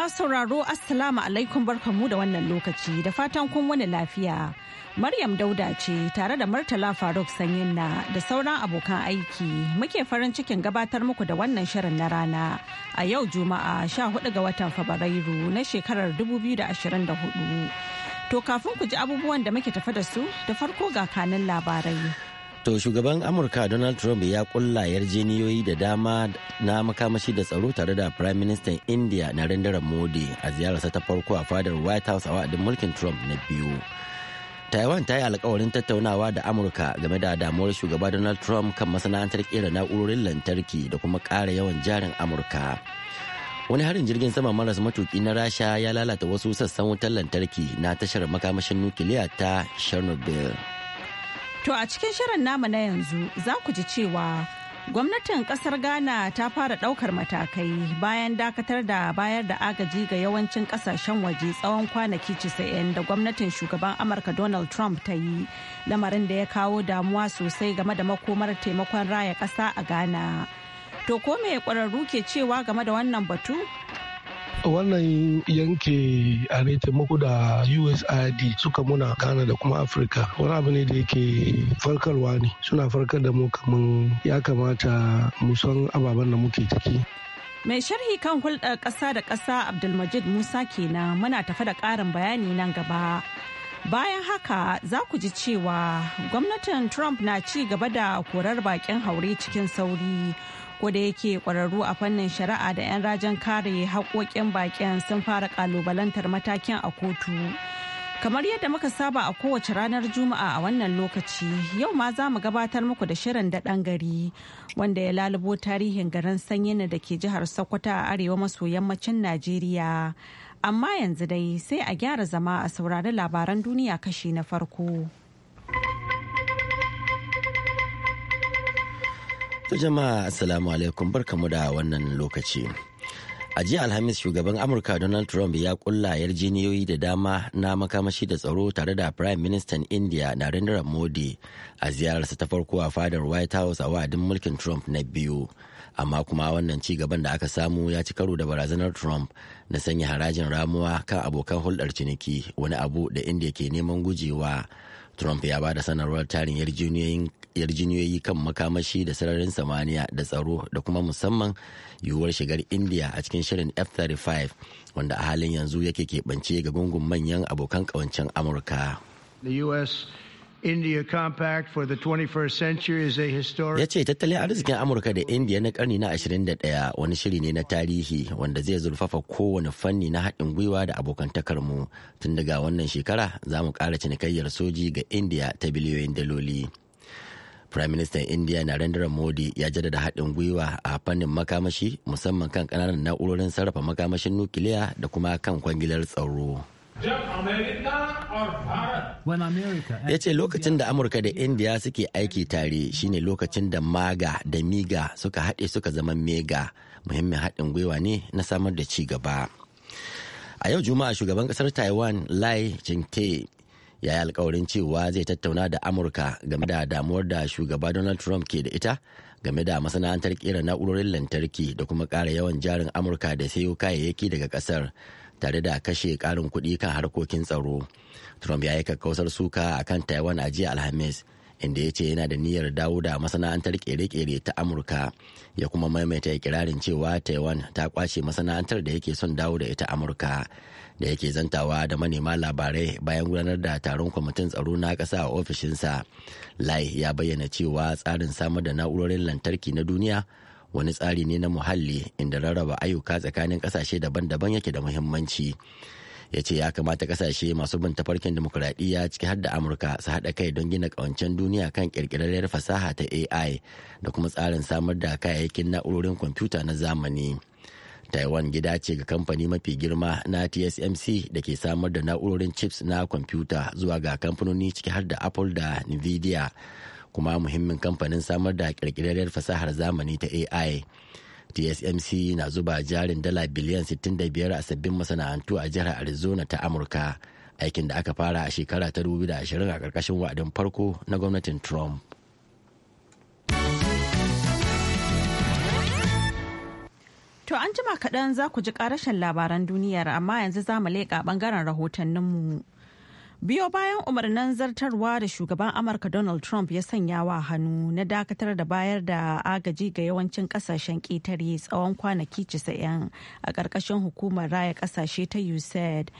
masu sauraro Assalamu alaikum barkamu da wannan lokaci da fatan kun wani lafiya. Maryam Dauda ce tare da Murtala Faruk sanyin na da sauran abokan aiki muke farin cikin gabatar muku da wannan shirin na rana a yau Juma'a 14 ga watan Fabrairu na shekarar 2024. To kafin ku ji abubuwan da muke tafa da su da farko ga kanin labarai. To shugaban Amurka Donald Trump ya kulla yarjeniyoyi da dama na makamashi da tsaro tare da Prime Minister India Narendra Modi a ziyararsa ta farko a fadar White House a wa'adin mulkin Trump na biyu. Taiwan ta yi alkawarin tattaunawa da Amurka game da damuwar shugaba Donald Trump kan masana'antar kera na'urorin lantarki da kuma ƙara yawan jarin Amurka. Wani harin jirgin sama maras matuki na Rasha ya lalata wasu sassan wutar lantarki na tashar makamashin nukiliya ta Chernobyl. To a cikin shirin namu na yanzu za ku ji cewa gwamnatin kasar Ghana ta fara daukar matakai bayan dakatar da bayar da agaji ga yawancin kasashen waje tsawon kwanaki 90 da gwamnatin shugaban Amurka Donald Trump ta yi lamarin da ya kawo damuwa sosai game da makomar taimakon raya kasa a Ghana. To ko me kwararru ke cewa game da wannan batu? wannan yanke a muku da usaid suka muna ghana da kuma afirka wani abu ne da yake farkarwa ne suna farkar da mu kamar ya kamata mu san ababen da muke ciki mai sharhi kan hulɗar ƙasa da ƙasa abdulmajid musa kenan muna tafa da ƙarin bayani nan gaba bayan haka za ku ji cewa gwamnatin trump na ci gaba da korar baƙin haure cikin sauri ko da yake kwararru a fannin shari'a da 'yan rajin kare haƙoƙin baƙin sun fara ƙalubalantar matakin a kotu kamar yadda muka saba a kowace ranar juma'a a wannan lokaci yau ma za mu gabatar muku da shirin daɗan gari wanda ya lalubo tarihin garin sanyi da ke jihar sokoto a arewa maso yammacin najeriya amma yanzu dai sai a gyara zama a saurari labaran duniya kashi na farko. jama'a assalamu alaikum mu da wannan lokaci. A jiya Alhamis shugaban Amurka Donald Trump ya kulla yarjiniyoyi da dama na makamashi da tsaro tare da Prime Minister Indiya India Narendra Modi a ziyararsa ta farko a fadar White House a wa'adin mulkin Trump na biyu. Amma kuma wannan ci gaban da aka samu ya ci karo da barazanar Trump na sanya harajin ramuwa kan abokan hulɗar ciniki wani abu da India ke neman gujewa. Trump ya ba da sanarwar tarin yarjeniyoyin yarjiniyoyi kan makamashi da sararin samaniya da tsaro da kuma musamman yiwuwar shigar india a cikin shirin f-35 wanda a halin yanzu yake keɓance ga gungun manyan abokan ƙawancen amurka Ya ce tattalin arzikin Amurka da indiya na karni na 21 wani shiri ne na tarihi wanda zai zurfafa kowane fanni na haɗin gwiwa da abokantakarmu tun daga wannan shekara za mu kara cinikayyar soji ga indiya ta biliyoyin daloli. Prime Minister India Narendra Modi ya jaddada haɗin gwiwa a fannin makamashi musamman kan ƙananan na'urorin sarrafa makamashin nukiliya da kuma kan kwangilar tsaro. Ya ce lokacin da Amurka da India suke aiki tare shine lokacin da MAGA da MIGA suka haɗe suka zama MEGA muhimmin haɗin gwiwa ne na samar da ci gaba. A yau Juma'a shugaban ƙasar Taiwan Lai ching ya yi alkawarin cewa zai tattauna da amurka game da damuwar da shugaba donald trump ke da ita game da masana'antar kera na'urorin lantarki da kuma kara yawan jarin amurka da sayo kayayyaki daga ƙasar tare da kashe ƙarin kuɗi kan harkokin tsaro trump ya yi kakkausar suka a kan taiwan a jiya alhamis inda ya ce yana da niyyar dawo da masana'antar kere-kere ta amurka ya kuma maimaita ikirarin cewa taiwan ta kwace masana'antar da yake son dawo da ita amurka da yake zantawa da manema labarai bayan gudanar da taron kwamitin tsaro na ƙasa a ofishinsa lai ya bayyana cewa tsarin samar da na'urorin lantarki na duniya wani tsari ne na muhalli inda rarraba ayyuka tsakanin ƙasashe daban-daban yake da muhimmanci ya ce ya kamata ƙasashe masu bin tafarkin demokuraɗiyya ciki har da amurka su haɗa kai don gina ƙawancen duniya kan ƙirƙirarriyar fasaha ta ai da kuma tsarin samar da kayayyakin na'urorin kwamfuta na zamani. taiwan gida ce ga kamfani mafi girma na tsmc da ke samar da na'urorin chips na kwamfuta zuwa ga kamfanoni ciki har da apple da nvidia kuma muhimmin kamfanin samar da kirkirarriyar fasahar zamani ta ai tsmc na zuba jarin dala biliyan 65 a sabbin masana'antu a jihar arizona ta amurka aikin da aka fara a shekara ta 2020 a ƙarƙashin wa'adin farko na gwamnatin trump To an jima kaɗan za ku ji ƙarashin labaran duniyar amma yanzu za mu leƙa ɓangaren rahotanninmu. Biyo bayan umarnin zartarwa da shugaban Amurka Donald Trump ya sanya wa hannu na dakatar da bayar da agaji ga yawancin kasashen ƙetare tsawon kwanaki casa'in a ƙarƙashin hukumar raya ƙasashe ta USAID.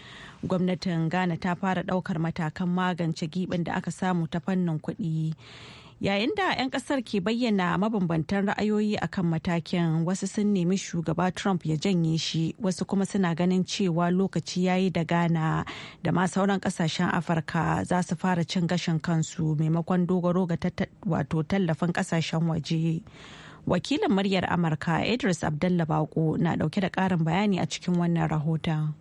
Gwamnatin Ghana ta fara ɗaukar matakan magance giɓin da aka samu ta fannin kuɗi. yayin da 'yan kasar ke bayyana mabambantan ra'ayoyi akan matakin wasu sun nemi shugaba trump ya janye shi wasu kuma suna ganin cewa lokaci ya yi da ghana da ma sauran kasashen afirka za su fara cin gashin kansu maimakon dogaro ga wato tallafin kasashen waje wakilin muryar amurka idris Abdullabako na dauke da karin bayani a cikin wannan rahoton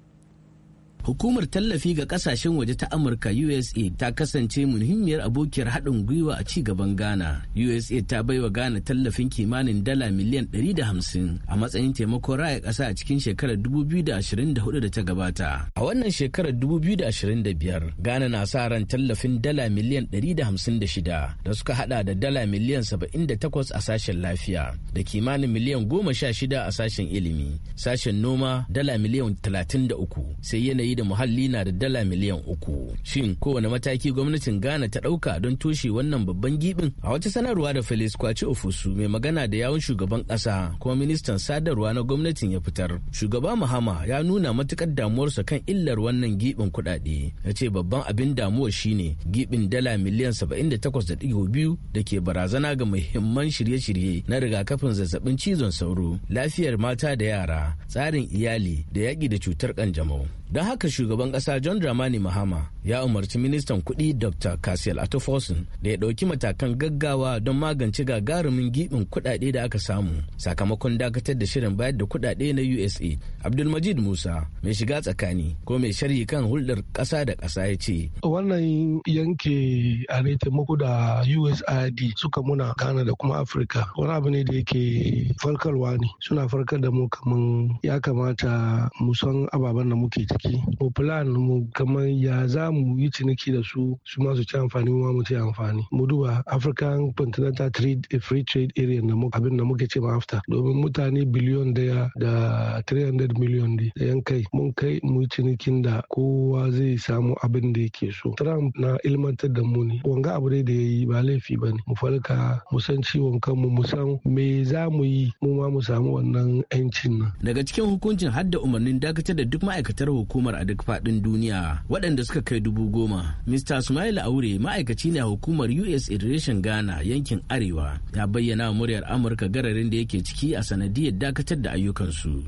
Hukumar tallafi ga kasashen waje ta Amurka USA ta kasance muhimmiyar abokiyar haɗin gwiwa a ci gaban Ghana. USA ta baiwa Ghana tallafin kimanin dala miliyan 150 a matsayin taimakon raya ƙasa a cikin shekarar 2024 da ta gabata. A wannan shekarar 2025 Ghana na sa ran tallafin dala miliyan 156 da suka hada da dala miliyan 78 a sashen lafiya da kimanin miliyan 16 a sashen ilimi, sashen noma dala miliyan 33 sai yanayi yanayi da muhalli na da dala miliyan uku. Shin kowane mataki gwamnatin Ghana ta ɗauka don toshe wannan babban gibin? A wata sanarwa da Felix Kwaci Ofusu mai magana da yawun shugaban ƙasa kuma ministan sadarwa na gwamnatin ya fitar. Shugaba Mahama ya nuna matukar damuwarsa kan illar wannan gibin kuɗaɗe. Ya ce babban abin damuwa shine gibin dala miliyan 78.2 da ke barazana ga muhimman shirye-shirye na rigakafin zazzabin cizon sauro, lafiyar mata da yara, tsarin iyali da yaƙi da cutar ƙanjamau. Don haka haka shugaban ƙasa John Dramani Mahama ya umarci ministan kuɗi Dr. Kasiel Atofosun da ya ɗauki matakan gaggawa don magance gagarumin gibin kuɗaɗe da aka samu sakamakon dakatar da shirin bayar da kuɗaɗe na USA. Abdulmajid Musa mai shiga tsakani ko mai sharhi kan hulɗar ƙasa da ƙasa ya ce. Wannan yanke a taimako da USAID suka muna Ghana da kuma Afirka wani abu ne da yake farkarwa ne suna farkar da mu kaman ya kamata mu san ababen da muke ciki mu plan mu kamar ya za mu yi ciniki da su su ma su ci amfani mu mu ci amfani mu duba African Continental Trade eh, Free Trade Area na abin da muke ce ma afta domin mutane biliyon daya da 300 miliyon da yan kai mun kai mu yi cinikin da kowa zai samu abin da yake so Trump na ilmantar da mu ne wanga abu da ya yi ba laifi ba ne mu falka mu san ciwon kanmu mu san me za mu yi mu ma mu samu wannan 'yancin nan daga cikin hukuncin hadda umarnin dakatar da duk ma'aikatar hukumar a duk faɗin duniya waɗanda suka kai dubu goma. Mr. Sumail Aure ma'aikaci ne a hukumar US Irrigation Ghana yankin Arewa ya bayyana wa muryar Amurka gararin da yake ciki a sanadiyar dakatar da ayyukansu.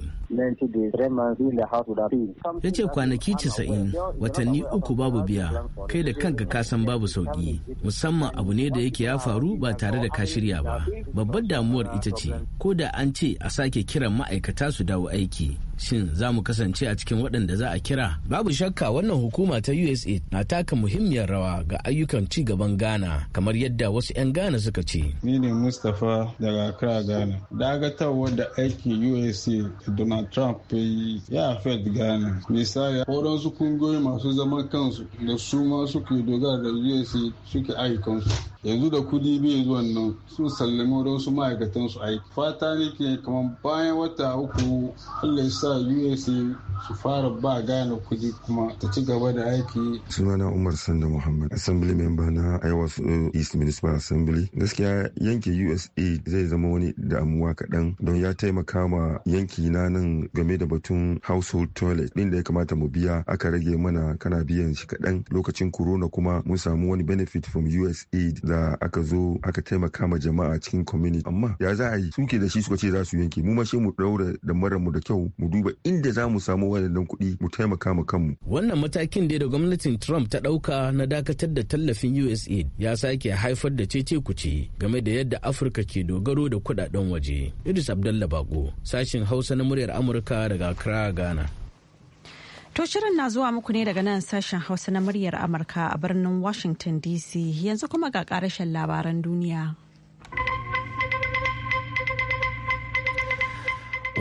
Ya ce kwanaki casa'in watanni uku babu biya kai da kanka kasan babu sauki musamman abu ne da yake ya faru ba tare da ka shirya ba babbar damuwar ita ce ko da an ce a sake kiran ma'aikata su dawo aiki shin za mu kasance a cikin waɗanda za a kira babu shakka wannan hukuma ta usa na taka muhimmiyar rawa ga ayyukan ci gaban ghana kamar yadda wasu 'yan ghana suka ce ni ne mustapha daga accra ghana dagatarwa da aikin usa donald trump ya yi ya affect ghana misali waɗansu kungiyoyi masu zaman kansu da su ma suke dogara da usa suke ayyukansu yanzu da kudi bai zuwan nan su sallame da wasu ma'aikatan su aiki fata ne ke kamar bayan wata uku allah ya sa usa su fara ba gane kudi kuma ta ci gaba da aiki sunana umar sanda muhammad assembly member na iowa east municipal assembly gaskiya yanke usa zai zama wani damuwa kaɗan don ya taimaka ma yanki na nan game da batun household toilet ɗin da ya kamata mu biya aka rage mana kana biyan shi kaɗan lokacin corona kuma mun samu wani benefit from usa da aka zo aka taimaka ma jama'a cikin community amma ya za a yi suke da shi suka ce za su yanke mu ma shi mu daura da mara mu da kyau mu duba inda za mu samu wadannan kuɗi mu taimaka ma kanmu wannan matakin da gwamnatin Trump ta ɗauka na dakatar da tallafin usa ya sake haifar da cece kuce game da yadda Afirka ke dogaro da kuɗaɗen waje Idris Abdallah Bako sashin Hausa na muryar Amurka daga Accra Ghana To shirin na zuwa muku ne daga nan sashen Hausa na muryar Amurka a birnin Washington DC yanzu kuma ga karashen labaran duniya.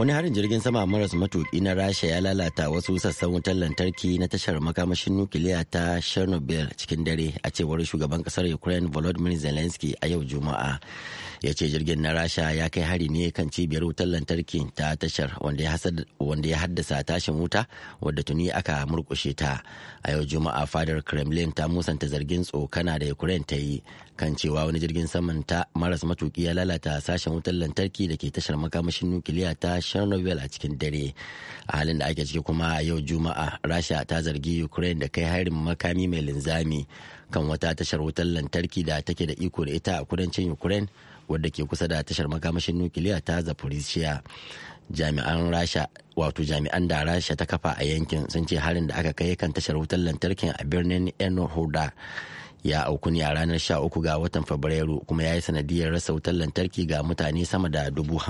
wani harin jirgin sama maras matuki na rasha ya lalata wasu sassan wutar lantarki na tashar makamashin nukiliya ta chernobyl cikin dare a cewar shugaban kasar ukraine volodymyr zelensky a yau juma'a ya ce jirgin na rasha ya kai hari ne kan cibiyar wutar lantarki ta tashar wanda ya haddasa tashin wuta wadda tuni aka murkushe ta a yau juma'a fadar kremlin ta musanta zargin tsokana da ukraine ta yi kan cewa wani jirgin saman ta maras matuki ya lalata sashen wutar lantarki da ke tashar makamashin nukiliya ta chernobyl a cikin dare a halin da ake ciki kuma a yau juma'a rasha ta zargi ukraine da kai harin makami mai linzami kan wata tashar wutar lantarki da take da iko da ita a kudancin ukraine wadda ke kusa da tashar makamashin nukiliya ta zaporizhia jami'an rasha wato jami'an da rasha ta kafa a yankin sun ce harin da aka kai kan tashar wutar lantarkin a birnin enohoda ya auku ne a ranar 13 ga watan fabrairu kuma ya yi sanadiyar rasa wutar lantarki ga mutane sama da dubu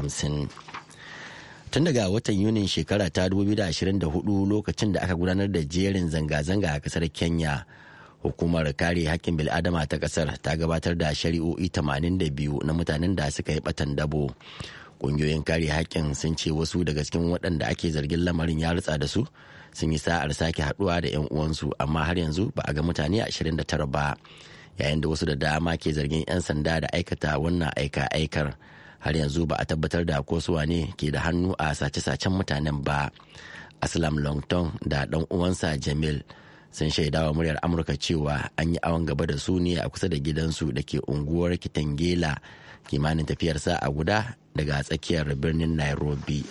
tun daga watan yunin shekara ta 2024 lokacin da aka gudanar da jerin zanga-zanga a kasar kenya hukumar kare hakkin bil'adama ta kasar ta gabatar da shari'o'i 82 na mutanen da suka yi batan dabo ƙungiyoyin kare hakkin sun ce wasu daga cikin waɗanda ake zargin lamarin ya rutsa da su sun yi sa'ar sake haduwa da 'yan uwansu amma har yanzu ba a ga mutane 29 ba yayin da wasu da dama ke zargin 'yan sanda da aikata wannan aika-aikar har yanzu ba a tabbatar da ko suwa ne ke da hannu a sace-sacen mutanen ba aslam longton da dan uwansa jamil sun shaidawa muryar amurka cewa an yi awon gaba da su ne a kusa da gidansu da ke unguwar kitangela kimanin tafiyarsa a guda daga tsakiyar birnin nairobi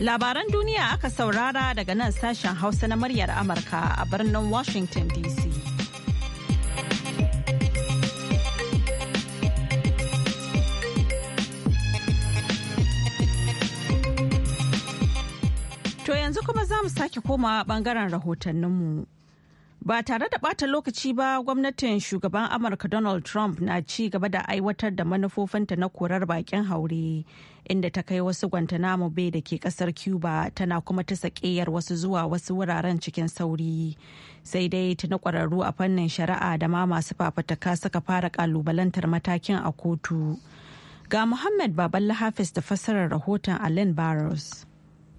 Labaran duniya aka saurara daga nan sashen Hausa na muryar Amurka a birnin Washington DC. To yanzu kuma za mu sake koma bangaren rahotanninmu. Ba tare da bata lokaci ba gwamnatin shugaban Amurka Donald Trump na ci gaba da aiwatar da manufofinta na korar bakin haure inda ta kai wasu Guantanamo Bay da ke ƙasar Cuba tana kuma ta saƙeyar wasu zuwa wasu wuraren cikin sauri. Sai dai ta na ƙwararru a fannin shari'a da ma masu fafataka suka fara ƙalubalantar matakin a kotu. Ga Muhammad Baballa Hafiz da fassarar rahoton Allen Barros.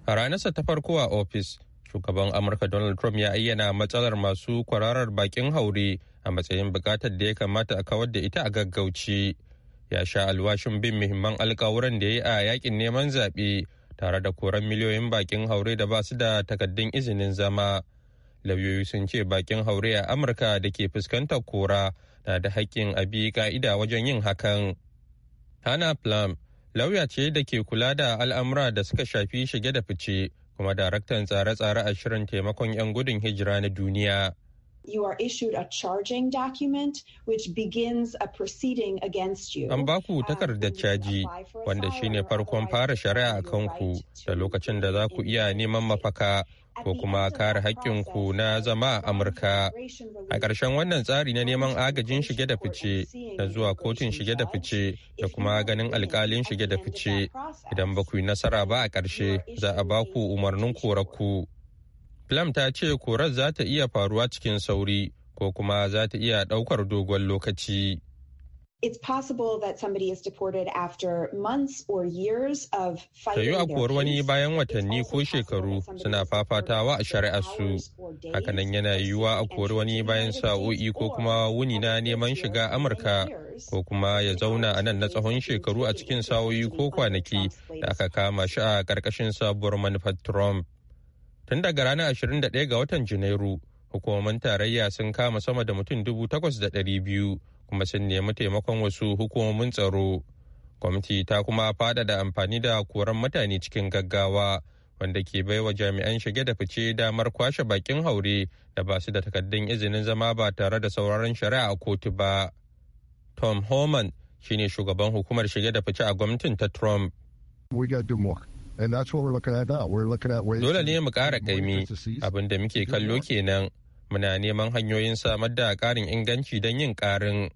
A ranarsa ta farko a ofis, shugaban amurka donald trump ya ayyana matsalar masu kwararar bakin haure a matsayin bukatar da ya kamata a kawar da ita a gaggauci ya sha alwashin bin muhimman alkawuran da ya yi a yakin neman zaɓe tare da koran miliyoyin bakin haure da ba su da takaddun izinin zama lauyoyi sun ce bakin haure a amurka da ke fuskantar kora na da haƙƙin a bi ka'ida wajen yin hakan hana plam lauya ce da ke kula da al'amura da suka shafi shige da fice kuma daraktan tsare-tsare a shirin taimakon 'yan gudun hijira na duniya. You are issued a charging document which begins a proceeding against you. An baku takardar um, caji wanda shine farkon fara shari'a a kanku da lokacin da za ku iya neman mafaka ko kuma kare haƙƙinku na zama a Amurka. A ƙarshen wannan tsari na neman agajin shige da fice na zuwa kotun shige da fice da kuma ganin alƙalin shige da fice idan ba ku yi nasara ba a ƙarshe za a ba ku umarnin korarku. Plam ta ce korar za ta iya faruwa cikin sauri ko kuma za ta iya ɗaukar dogon lokaci. it's possible that somebody is deported after months or years of fighting a kuwar wani bayan watanni ko shekaru suna fafatawa a shari'ar su hakanan yana yiwuwa a kuwar wani bayan sa'o'i ko kuma wuni na neman shiga amurka ko kuma ya zauna a nan na tsawon shekaru a cikin sa'o'i ko kwanaki da aka kama shi a ƙarƙashin sabuwar manufar trump tun daga ranar 21 ga watan janairu hukumomin tarayya sun kama sama da mutum 8,200 kuma sun nemi taimakon wasu hukumomin tsaro kwamiti ta kuma da amfani da koran mutane cikin gaggawa wanda ke baiwa jami'an shige da fice damar kwashe bakin haure da ba su da takaddun izinin zama ba tare da sauraron shari'a a kotu ba tom homan shine shugaban hukumar shige da fice a gwamnatin ta trump Dole ne mu kara ƙaimi abin da muke kallo kenan muna neman hanyoyin samar da ƙarin inganci don yin ƙarin.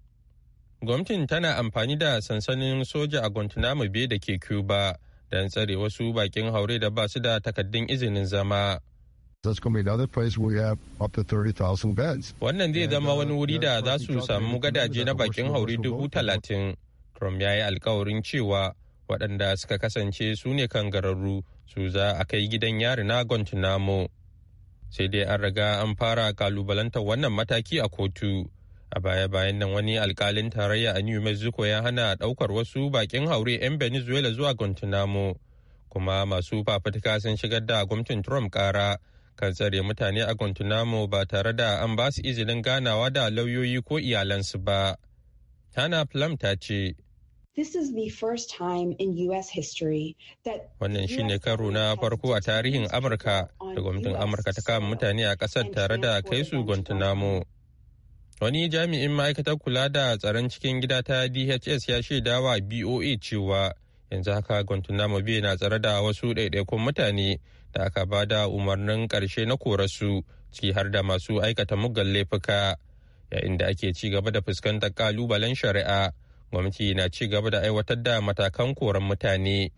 Gwamnatin tana amfani da sansanin soja a Guantanamo Bay da ke Cuba don tsare wasu bakin haure da ba su da takaddun izinin zama. Wannan zai zama wani uh, wuri da za su samu gadaje na bakin haure dubu talatin. Trump ya yi alkawarin cewa waɗanda suka kasance su ne kan gararru su za a kai gidan yari na Guantanamo. sai dai an riga an fara kalubalantar wannan mataki a kotu a baya-bayan nan wani alkalin tarayya a new mexico ya hana daukar wasu bakin haure 'yan venezuela zuwa guantanamo kuma masu fafutuka sun shigar da gwamnatin trump kara kan tsare mutane a guantanamo ba tare da an ba su izinin ganawa da lauyoyi ko iyalansu ba hana plum ta ce Wannan shi ne karo na farko a tarihin Amurka da gwamnatin Amurka ta kama mutane a ƙasar tare da kai su Guantanamo. Wani jami'in ma'aikatar kula da tsaron cikin gida ta DHS ya shaida wa BOA cewa yanzu haka Guantanamo bai na tsare da wasu ɗaiɗaikun mutane da aka ba da umarnin ƙarshe na korarsu ciki har da masu aikata muggan laifuka yayin da ake ci gaba da fuskantar ƙalubalen shari'a. gwamnati na ci gaba da aiwatar da matakan koran mutane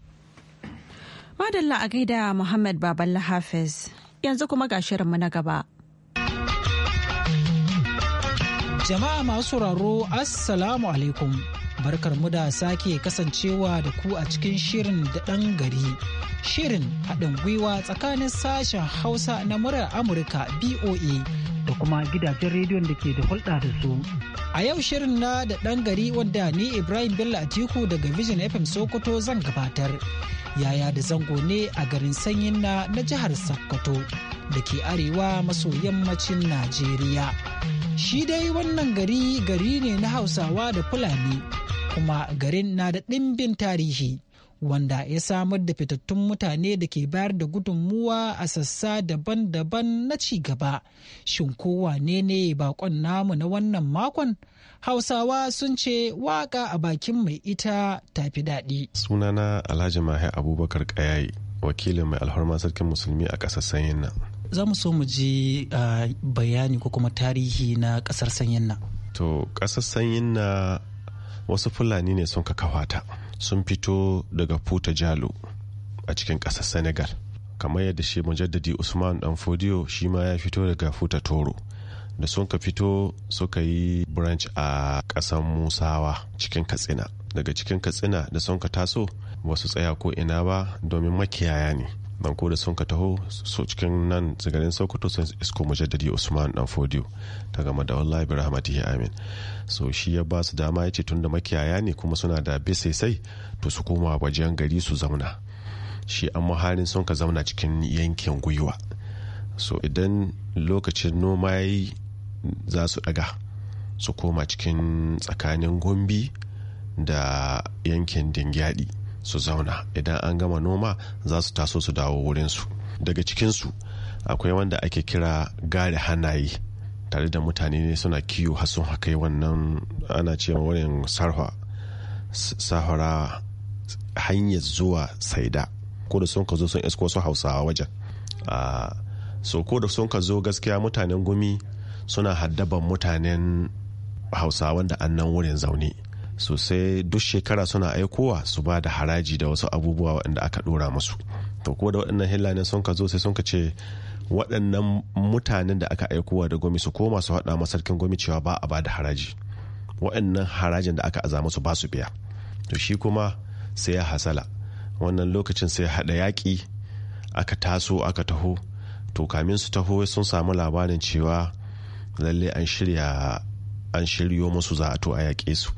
madalla a gaida muhammad baballa hafiz yanzu kuma ga shirinmu na gaba jama'a masu raro, assalamu alaikum barkar mu da sake kasancewa da ku a cikin shirin da ɗan gari. Shirin haɗin gwiwa tsakanin sashen Hausa na murar Amurka BOA da kuma gidajen rediyon da ke da hulɗa da su. A yau shirin na da ɗan gari wanda ni Ibrahim Bello Atiku daga Vision FM Sokoto zan gabatar. Yaya da zango ne a garin sanyin na na jihar Sokoto da ke arewa maso yammacin Najeriya. Shi dai wannan gari gari ne na Hausawa da Fulani. kuma garin na da ɗimbin tarihi wanda ya samar da fitattun mutane da ke bayar da gudunmuwa a sassa daban-daban na ci gaba. Shin kowa ne ne bakon namu na wannan makon? Hausawa sun ce waka a bakin mai ita tafi daɗi. Sunana Alhaji mahai Abubakar Kayayi, wakilin mai alhorma sarkin musulmi a ƙasar sanyin nan. Za mu so mu ji bayani ko kuma tarihi na ƙasar sanyin nan. To, ƙasar sanyin nan wasu fulani ne sun kafa ta sun fito daga puta jalo a cikin ƙasar senegal kamar yadda shi mujaddadi usman fodiyo shi ma ya fito daga futa toro da sun ka fito suka yi branch a ƙasar musawa cikin katsina daga cikin katsina da sun ka taso wasu tsaya ko ina ba domin makiyaya ne banko da sun ka taho su cikin nan garin sokoto sun isko mujaddadi usman dan fodiyo ta gama da wallahi bi rahmatihi amin so shi ya ba su dama yace ce tunda makiyaya ne kuma suna da bisaisai to su koma wajen gari su zauna shi an muharin sun ka zauna cikin yankin gwiwa so idan lokacin noma ya yi za su daga su koma cikin tsakanin gombi da yankin dingyadi su zauna idan an gama noma za su taso su dawo wurinsu daga cikinsu akwai wanda ake kira gari hannaye tare da mutane ne suna kiwo har sun wannan ana ce wurin sarwa sahara hanyar zuwa saida ko da sun ka zo sun isko su hausawa wajen so ko da sun ka zo gaskiya mutanen gumi suna haddaban mutanen hausawa da annan wurin zaune sosai duk shekara suna aikowa su ba da haraji da wasu abubuwa waɗanda aka ɗora musu to ko da waɗannan hillanin sun ka zo sai sun ka ce waɗannan mutanen da aka aikowa da gwami su koma su haɗa masarkin gwami cewa ba a ba da haraji waɗannan harajin da aka aza musu ba su biya to shi kuma sai ya hasala wannan lokacin sai haɗa yaƙi aka taso aka taho to kamin su taho sun samu labarin cewa lalle an shirya an shiryo musu za a to a yaƙe su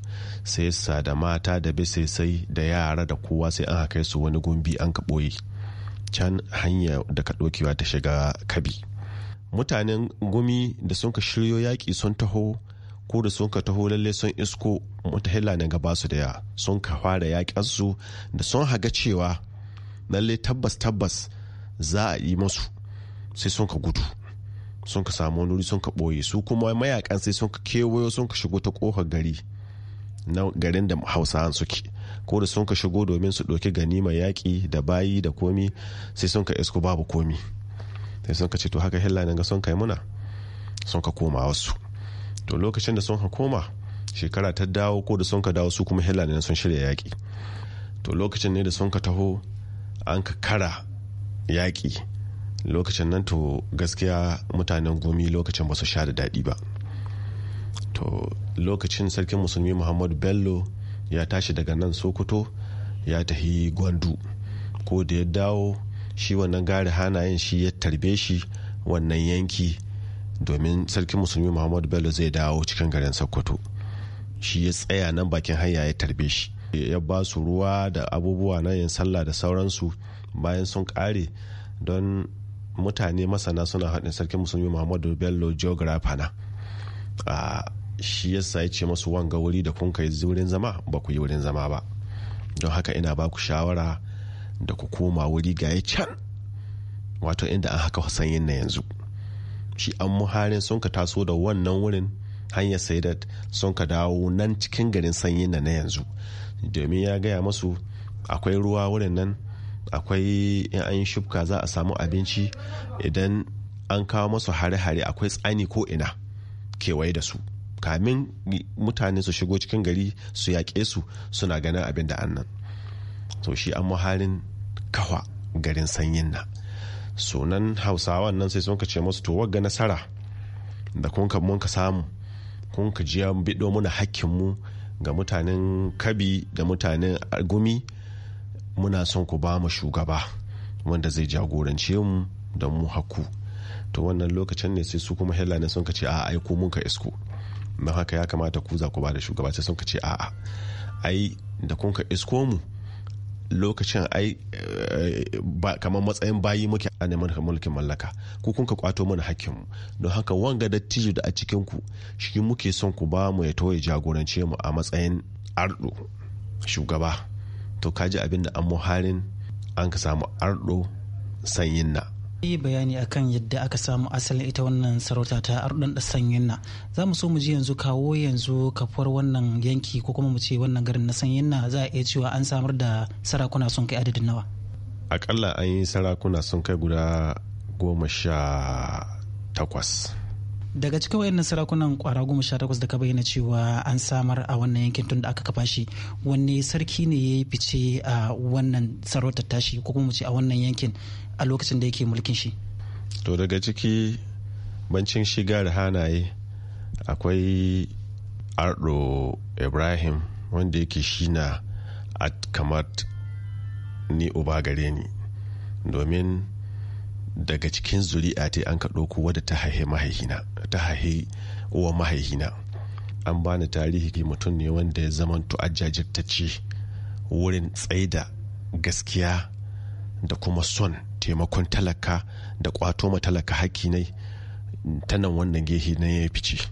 sai sa da mata da bisaisai da yara da kowa sai an haka su wani gumbi an ka ɓoye can hanya da ka ta shiga kabi mutanen gumi da sun ka shiryo yaƙi sun taho ko da sun ka taho lalle sun isko mutahila ne gaba su da ya sun ka fara yaƙansu da sun haga cewa lalle tabbas tabbas za a yi musu sai sun ka gudu sun ka samu wani sun ka ɓoye su kuma mayakan sai sun ka kewayo sun ka shigo ta ƙofar gari na garin da hausawan suke ko da sun ka shigo domin su ɗauki ganima yaƙi da bayi da komi sai sun ka isko babu komi sai sun ka ce to haka hillanin ga sun kai muna sun ka koma wasu to lokacin da sun ka koma shekara ta dawo ko da sun ka dawo su kuma hillanin sun shirya yaƙi to lokacin ne da sun ka taho an ka kara yaƙi lokacin nan to gaskiya mutanen gomi lokacin ba su sha da daɗi ba to lokacin sarkin musulmi muhammadu bello ya tashi daga nan sokoto ya tafi gwandu ko da ya dawo shi wannan gari hanayen shi ya tarbe shi wannan yanki domin sarkin musulmi muhammadu bello zai dawo cikin garin sokoto shi ya tsaya nan bakin hanya ya tarbe shi ya ba su ruwa da abubuwa na yin sallah da sauransu bayan sun kare don mutane masana suna haɗin sarkin musulmi muhammadu bello geographer na shi yasa ya ce masu wanga wuri da kun kai wurin zama ba ku yi wurin zama ba don haka ina ba ku shawara da ku koma wuri ga ya can wato inda an haka sanyin na yanzu shi an muharin sun ka taso da wannan wurin hanyar sai da sun ka dawo nan cikin garin sanyin na yanzu domin ya gaya masu akwai ruwa wurin nan akwai in an yi shubka za a samu abinci idan an kawo masu hare-hare akwai tsani ko ina kewaye da su kamin mutane su shigo cikin gari su yaƙe su suna ganin abin da annan to shi an muhalin kawa garin sanyin na sunan hausawan nan sai sun ka ce musu to wagga nasara da kun ka mun ka samu kun ka jiya bido muna hakkinmu ga mutanen kabi da mutanen gumi muna son ku ba mu shugaba wanda zai jagorance mu da mu haku to wannan lokacin ne sai su kuma headline sun ka ce a'a aiko mun ka isko don haka ya kamata ku za ku ba da shugaba sai sun ka ce a'a ai da kun ka isko mu lokacin ai eh, kamar matsayin bayi muke a neman mulkin mallaka ku kun ka kwato mana mu don haka wanga dattijo da a cikin ku shi muke son ku ba mu ya toye jagorance mu a matsayin ardo shugaba to kaji abin da an muharin an ka samu ardo sanyin na yi bayani akan yadda aka samu asalin ita wannan sarauta ta arɗan sanyin na za mu so mu ji yanzu kawo yanzu kafuwar wannan yanki ko kuma mu ce wannan garin na sanyin na za a iya cewa an samar da sarakuna sun kai adadin nawa akalla an yi sarakuna sun kai guda goma sha takwas daga cikin wayannan sarakunan kwara goma sha takwas da ka bayyana cewa an samar a wannan yankin tun da aka kafa shi wanne sarki ne ya yi fice a wannan sarautar tashi ko kuma mu ce a wannan yankin a lokacin da yake mulkin shi to daga ciki bancin shiga da hanaye akwai ardo ibrahim wanda yake shina a kamar ni uba gare ni domin daga cikin zuri'a ta an ka ɗauko wadda ta haihe mahaihina ta haihe uwa mahaihina an bani tarihi mutum ne wanda ya zama tu'ajjajirtacce wurin tsaida gaskiya da kuma son taimakon talaka da kwato ma talaka haƙƙi ne ta nan wannan gehe na ya fice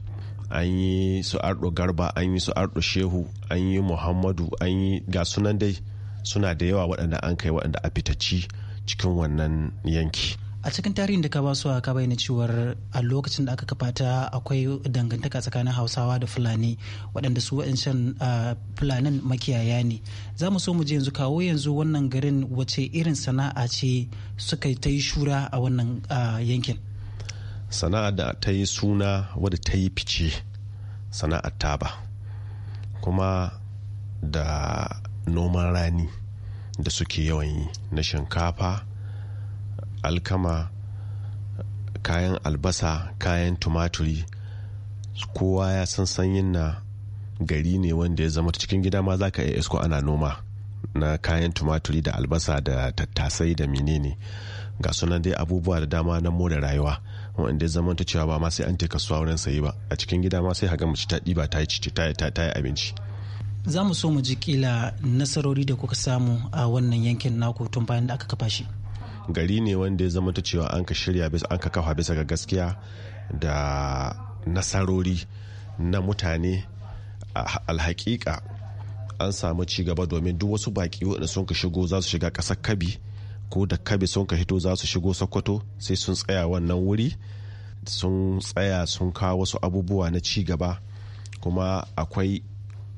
an yi su arɗo garba an yi su arɗo shehu an yi muhammadu an yi ga sunan dai suna da yawa waɗanda an kai waɗanda a fitacci cikin wannan yanki a cikin tarihin da ka ba su ka bayyana cewar a lokacin da aka kafa ta akwai dangantaka tsakanin hausawa da fulani waɗanda su shan fulanin makiyaya ne za mu so mu je yanzu kawo yanzu wannan garin wace irin sana'a ce suka ta yi shura a wannan yankin sana'a da ta yi suna wadda ta yi fice sana'ar taba kuma da noman rani da suke yawan yi na shinkafa alkama kayan albasa kayan tumaturi kowa ya san sanyin na gari ne wanda ya zama cikin gida ma za ka iya isko ana noma na kayan tumaturi da albasa da tattasai da menene ga sunan dai abubuwa da dama na more rayuwa wanda ya zama ta cewa ba ma sai an teka suwa wurin sayi ba a cikin gida ma sai haga mace ta ɗiba ta yi cici ta yi abinci za mu so mu ji kila nasarori da kuka samu a wannan yankin naku tun bayan da aka kafa shi gari ne wanda ya zama ta cewa an ka shirya an ka kafa bisa ga gaskiya da nasarori na mutane alhaƙiƙa an samu ci gaba domin duk wasu baƙi waɗanda sun ka shigo za su shiga ƙasar kabi ko da kabi sun ka hito za su shigo sokoto sai sun tsaya wannan wuri sun tsaya sun kawo wasu abubuwa na ci gaba kuma akwai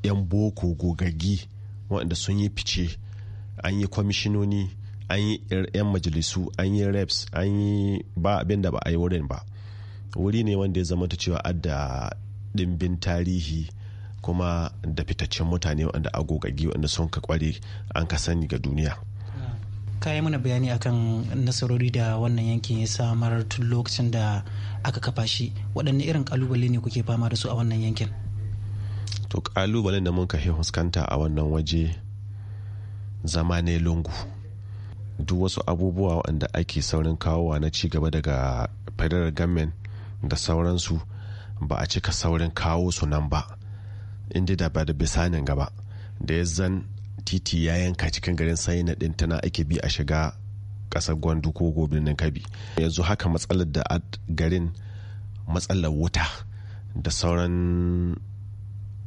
'yan boko gogaggi waɗanda sun yi fice an yi kwamishinoni an yi er, 'yan majalisu an yi reps an yi ba abin da ba a yi wurin ba wuri ne wanda ya zama ta cewa adda dimbin tarihi kuma da fitaccen mutane wanda agogagi wanda sun ka kware an ka sani ga duniya kayi mana bayani akan nasarori da wannan yankin ya samar tun lokacin da aka kafa shi waɗanne irin kalubale ne kuke fama da su a wannan yankin to kalubalen da mun ka fuskanta a wannan waje zama ne lungu duk wasu abubuwa waɗanda ake saurin kawowa na ci gaba daga federal government da sauransu ba a cika saurin kawo su nan ba inda da ba da bisanin gaba da ya zan titi ya yanka cikin garin sai na ɗin tana ake bi a shiga ƙasar gwandu ko gobinin kabi yanzu haka matsalar da garin matsalar wuta da sauran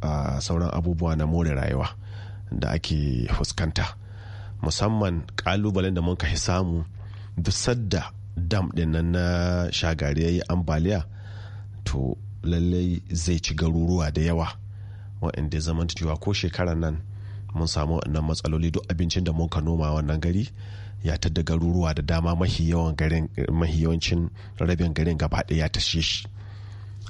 ah, sauran abubuwa na more rayuwa da ake fuskanta musamman kalubalen da muka samu duk sadda dam din nan na shagari ya yi ambaliya to lallai zai ci garuruwa da yawa waɗanda zaman cewa ko shekarar nan mun samu wannan matsaloli duk abincin da muka noma wannan gari ya da garuruwa da dama mahi yawancin rabin garin gaba ɗaya ya tashe shi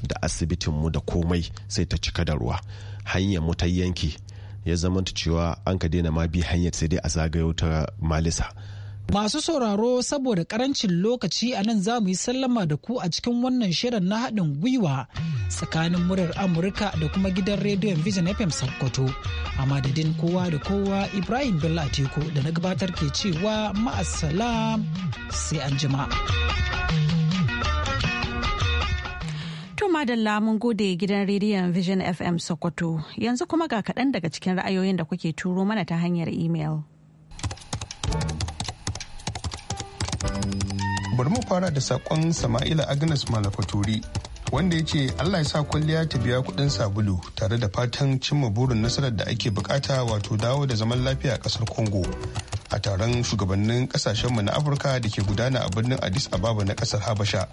da asibitinmu da komai sai ta cika da ruwa hanyar mu ta yanki ya zamanta cewa an ka daina ma bi hanyar sai dai a zagayo ta malisa Masu sauraro saboda karancin lokaci a nan za mu yi sallama da ku a cikin wannan shirin na haɗin gwiwa tsakanin murar Amurka da kuma gidan rediyon Vision FM Sokoto. A madadin kowa da kowa Ibrahim Bello Atiku da na gabatar ke cewa ma'asalam sai an jima'a madalla mun gode gidan rediyon Vision FM Sokoto. Yanzu kuma ga kaɗan daga cikin ra'ayoyin da kuke turo mana ta hanyar imel. Bari mu fara da saƙon Sama'ila Agnes Malafaturi wanda ya ce Allah ya sa kwalliya ta biya kuɗin sabulu tare da fatan cimma burin nasarar da ake bukata wato dawo da zaman lafiya a ƙasar Congo a taron shugabannin ƙasashenmu na Afirka da ke gudana a birnin Addis Ababa na ƙasar Habasha.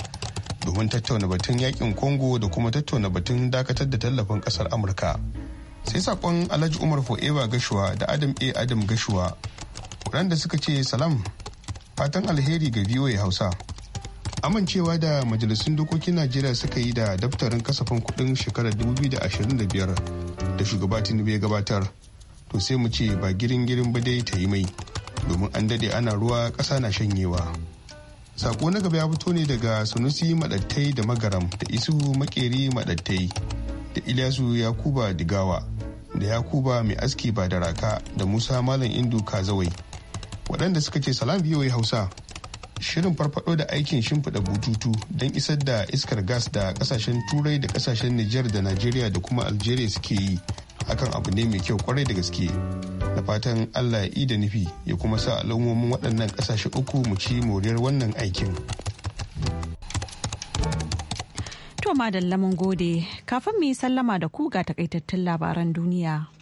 domin tattauna batun yakin congo da kuma tattauna batun dakatar da tallafin kasar amurka sai saƙon alhaji umar fo'ewa gashuwa da adam a adam gashuwa waɗanda suka ce salam fatan alheri ga voa hausa amincewa da majalisun dokokin najeriya suka yi da daftarin kasafin kudin shekarar 2025 da shugaba tinubu ya gabatar to sai mu ce ba girin girin ba dai ta yi mai domin an dade ana ruwa ƙasa na shanyewa. sako na gaba ya fito ne daga sunusi madattai da magaram da isu makeri madattai da ilyasu yakuba digawa da yakuba mai aski ba da raka da musa malam indu kazawai waɗanda suka ce salam biyoyi hausa shirin farfado da aikin shimfiɗa bututu don isar da iskar gas da ƙasashen turai da ƙasashen nijar da najeriya da kuma algeria suke yi hakan abu ne mai kyau kwarai da gaske da fatan allah ya da nufi ya kuma sa alamomin waɗannan ƙasashe uku mu ci moriyar wannan aikin to da lamun gode kafin mu yi sallama da ku ga takaitattun labaran duniya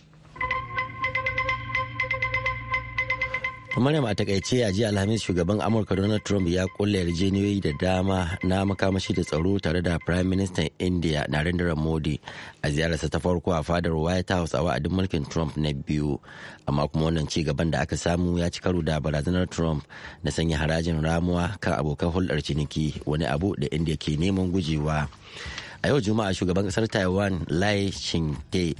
Maryam a takaice a jiya Alhamis shugaban Amurka Donald Trump ya kulle yarjejeniyoyi da dama na makamashi da tsaro tare da Prime Minister India Narendra Modi a ziyararsa ta farko a fadar White House a wa'adin mulkin Trump na biyu. Amma kuma wannan ci gaban da aka samu ya ci karo da barazanar Trump na sanya harajin ramuwa kan abokan hulɗar ciniki wani abu da India ke neman gujewa. a yau juma'a shugaban kasar taiwan lai shinke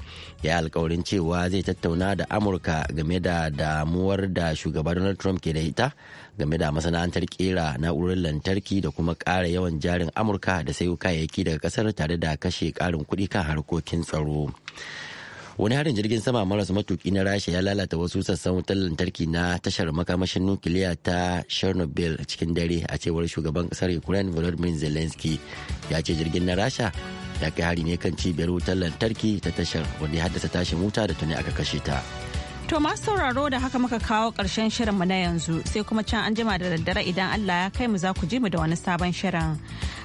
ya alkawarin cewa zai tattauna da amurka game da damuwar da shugaban donald trump ke da ita game da masana'antar kera na'urar lantarki da kuma ƙara yawan jarin amurka da sayo kayayyaki daga kasar tare da kashe ƙarin kuɗi kan harkokin tsaro wani harin jirgin sama maras matuki na rasha ya lalata wasu sassan wutar lantarki na tashar makamashin nukiliya ta chernobyl cikin dare a cewar shugaban kasar ukraine volodymyr zelensky ya ce jirgin na rasha ya kai hari ne kan cibiyar wutar lantarki ta tashar wanda ya haddasa tashin wuta da tuni aka kashe ta. To masu sauraro da haka muka kawo ƙarshen mu na yanzu sai kuma can an jima da daddare idan Allah ya kai mu za ku ji mu da wani sabon shirin.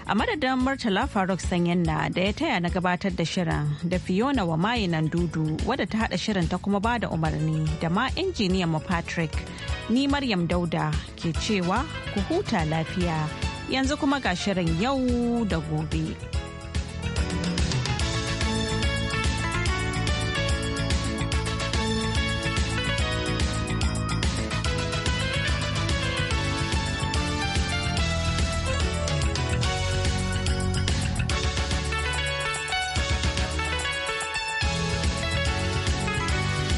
A madadin Murtala Faruk na da ya taya na gabatar da shirin da Fiona wa mayi nan dudu wadda ta haɗa shirin ta kuma ba da umarni da ma injiniyan mu Patrick. Ni Maryam Dauda ke cewa ku huta lafiya yanzu kuma ga shirin yau da gobe.